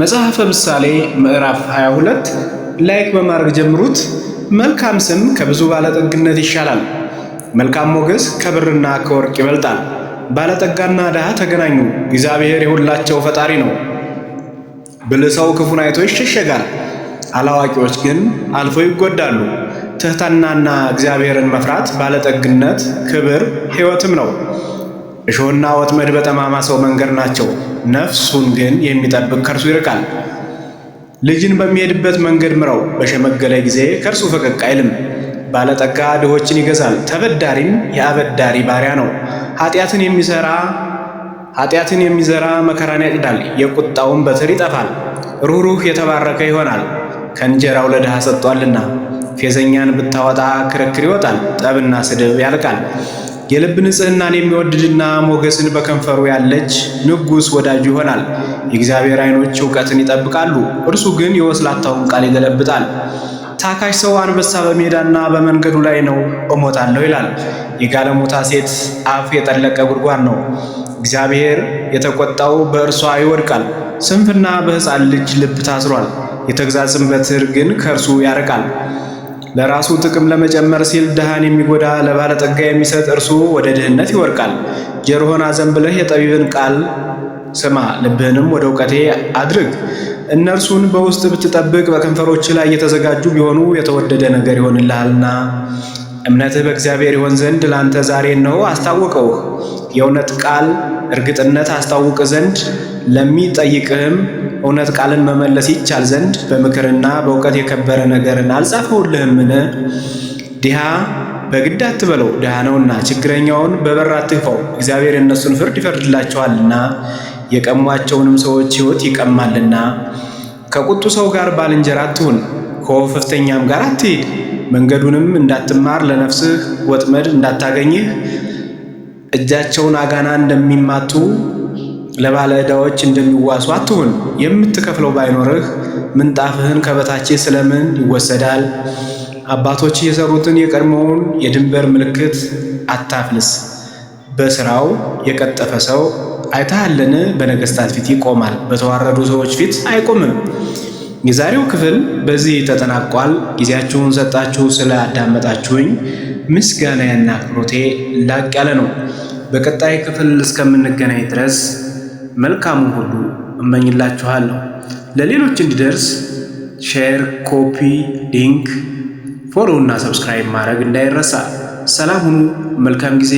መጽሐፈ ምሳሌ ምዕራፍ 22 ላይክ በማድረግ ጀምሩት። መልካም ስም ከብዙ ባለጠግነት ይሻላል። መልካም ሞገስ ከብርና ከወርቅ ይበልጣል። ባለጠጋና ድሃ ተገናኙ፣ እግዚአብሔር የሁላቸው ፈጣሪ ነው። ብልህ ሰው ክፉን አይቶ ይሸሸጋል፣ አላዋቂዎች ግን አልፎ ይጎዳሉ። ትህትናና እግዚአብሔርን መፍራት ባለጠግነት፣ ክብር፣ ሕይወትም ነው። እሾህና ወጥመድ በጠማማ ሰው መንገድ ናቸው። ነፍሱን ግን የሚጠብቅ ከእርሱ ይርቃል። ልጅን በሚሄድበት መንገድ ምራው፣ በሸመገለ ጊዜ ከእርሱ ፈቀቅ አይልም። ባለጠጋ ድሆችን ይገዛል፣ ተበዳሪም የአበዳሪ ባሪያ ነው። ኃጢአትን የሚሰራ ኃጢአትን የሚዘራ መከራን ያጭዳል፣ የቁጣውን በትር ይጠፋል። ሩህሩህ የተባረከ ይሆናል፣ ከእንጀራው ለድሃ ሰጥቷልና። ፌዘኛን ብታወጣ ክርክር ይወጣል፣ ጠብና ስድብ ያልቃል። የልብ ንጽህናን የሚወድድና ሞገስን በከንፈሩ ያለች ንጉሥ ወዳጁ ይሆናል። የእግዚአብሔር ዓይኖች እውቀትን ይጠብቃሉ፣ እርሱ ግን የወስላታውን ቃል ይገለብጣል። ታካሽ ሰው አንበሳ በሜዳና በመንገዱ ላይ ነው እሞታለሁ ይላል። የጋለሞታ ሴት አፍ የጠለቀ ጉድጓድ ነው። እግዚአብሔር የተቆጣው በእርሷ ይወድቃል። ስንፍና በሕፃን ልጅ ልብ ታስሯል፣ የተግሣጽን በትር ግን ከእርሱ ያርቃል። ለራሱ ጥቅም ለመጨመር ሲል ድሃን የሚጎዳ ለባለጠጋ የሚሰጥ እርሱ ወደ ድህነት ይወርቃል። ጆሮህን አዘንብለህ የጠቢብን ቃል ስማ፣ ልብህንም ወደ እውቀቴ አድርግ። እነርሱን በውስጥ ብትጠብቅ በከንፈሮች ላይ እየተዘጋጁ ቢሆኑ የተወደደ ነገር ይሆንልሃልና እምነትህ በእግዚአብሔር ይሆን ዘንድ ለአንተ ዛሬ ነው አስታወቀውህ። የእውነት ቃል እርግጥነት አስታውቅ ዘንድ ለሚጠይቅህም እውነት ቃልን መመለስ ይቻል ዘንድ በምክርና በእውቀት የከበረ ነገርን አልጻፈውልህምን? ድሃ በግድ አትበለው፣ ድሃ ነውና፣ ችግረኛውን በበር አትግፈው እግዚአብሔር የእነሱን ፍርድ ይፈርድላቸዋልና የቀሟቸውንም ሰዎች ሕይወት ይቀማልና። ከቁጡ ሰው ጋር ባልንጀራ አትሁን፣ ከወፈፍተኛም ጋር አትሂድ። መንገዱንም እንዳትማር ለነፍስህ ወጥመድ እንዳታገኝህ እጃቸውን አጋና እንደሚማቱ ለባለ ዕዳዎች እንደሚዋሱ አትሁን። የምትከፍለው ባይኖርህ ምንጣፍህን ከበታቼ ስለምን ይወሰዳል? አባቶች የሰሩትን የቀድሞውን የድንበር ምልክት አታፍልስ። በስራው የቀጠፈ ሰው አይታለን በነገስታት ፊት ይቆማል፣ በተዋረዱ ሰዎች ፊት አይቆምም። የዛሬው ክፍል በዚህ ተጠናቋል። ጊዜያችሁን ሰጣችሁ ስላዳመጣችሁኝ ምስጋናና አክብሮቴ ላቅ ያለ ነው። በቀጣይ ክፍል እስከምንገናኝ ድረስ መልካሙ ሁሉ እመኝላችኋለሁ። ለሌሎች እንዲደርስ ሼር፣ ኮፒ፣ ሊንክ፣ ፎሎ እና ሰብስክራይብ ማድረግ እንዳይረሳ። ሰላም ሁኑ። መልካም ጊዜ